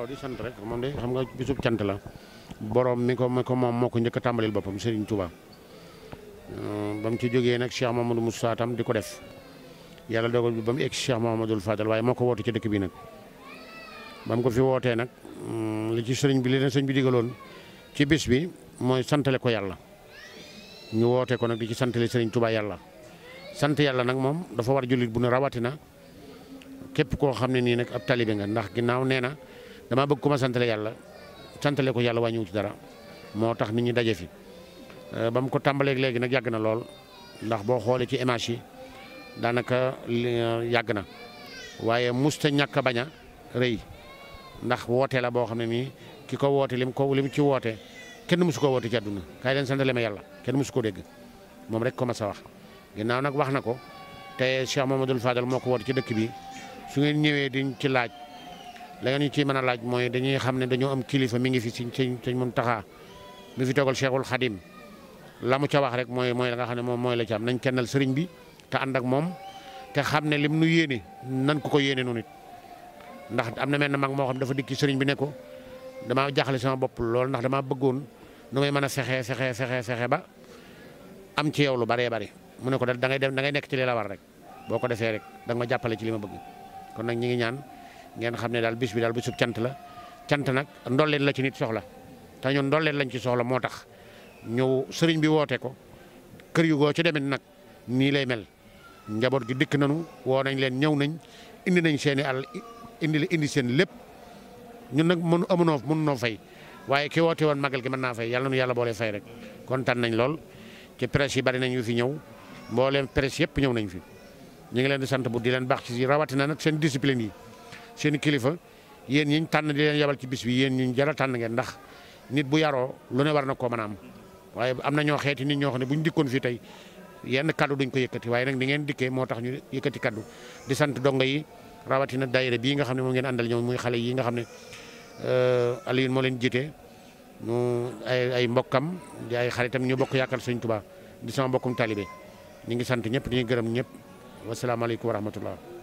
waaw di sant xam nga bisub cant la borom mi ko mi ko moom moo ko njëkk a tàmbalil boppam Serigne Touba euh, ba mu ci jógee nag Cheikh di ko def yàlla dogal bi ba mu egg Cheikh Mamadou Fadal waaye moo ko woote ci dëkk bi nag ba mu ko fi wootee nag hmm, li ci sëriñ bi li leen sëriñ bi digaloon ci bis bi mooy santale ko yàlla ñu woote ko nag di ci santale sëriñ Touba yàlla sant yàlla nag moom dafa war jullit bu ne rawatina képp koo xam ne nii nag ab talibe nga ndax ginnaaw nee na damaa bëgg ku ma santale yàlla santale ko yàlla wàññiwu ci dara moo tax nit ñi daje fi eh, ba mu ko tàmbaleeg léegi nag yàgg na lool ndax boo xoolee ci image daanaka eh, yàgg na waaye musta ñàkk a bañ rëy ndax woote la boo xam ne nii ki ko woote lim ko mu ci woote kenn musu ko woote ci àdduna kaay leen santale ma yàlla kenn musu ko dégg moom rek ko ma sa wax ginnaaw nag wax na ko te Cheikh Mamadou Fadal moo ko woote ci dëkk bi su ngeen ñëwee la ngeen ñu ciy mën a laaj mooy dañuy xam ne dañoo am kilifa mi ngi fi si sëñ sëñ Muntaxa mi fi toogal Cheikhul Khadim la mu ca wax rek mooy mooy la nga xam ne moom mooy la ci am nañ kennal sëriñ bi te ànd ak moom te xam ne lim nu yéene nan ko ko yéene noonu ndax am na mel ne mag moo xam dafa dikki sëriñ bi ne ko damaa jaaxle sama bopp lool ndax damaa bëggoon nu may mën a sexee sexee sexee fexe ba am ci yow lu baree bari mu ne ko da ngay dem dangay nekk ci li la war rek boo ko defee da nga jàppale ci li ma bëgg ngeen xam ne daal bis bi daal bisub cant la cant nag ndolleen la ci nit soxla ta ñu ndolleen lañ ci soxla moo tax ñëw sëriñ bi woote ko kër yu goo ci demit nag nii lay mel njaboot gi dikk nañu woo nañ leen ñëw nañ indi nañ seen i àll indi indi seen lépp ñun nag mënu amunoo mënunoo fay waaye ki woote woon magal gi mën naa fay yàlla nu yàlla boole fay rek kontaan nañ lool ci presse yi bari nañ ñu fi ñëw mbooleem presse yëpp ñëw nañ fi ñu ngi leen di sant bu di leen baax ci rawatina nag seen discipline yi seen kilifa yéen ñi tànn di leen yabal ci bis bi yéen ñu jaral tànn ngeen ndax nit bu yaroo lu ne war na koo mën a waaye am na ñoo xeeti nit ñoo xam ne bu ñu dikkoon fii tey yenn kaddu duñ ko yëkkati waaye nag ni ngeen dikkee moo tax ñu yëkkati kaddu di sant donga yi rawatina daayira bii nga xam ne moom ngeen àndal ñoom muy xale yi nga xam ne euh, Alioune moo leen jiite ñu ay ay mbokkam di ay xaritam ñu bokk yaakaar Sëñ Tuubaa di sama mbokkum taalibe ñu ngi sant ñëpp di gërëm ñëpp wasalaamaaleykum wa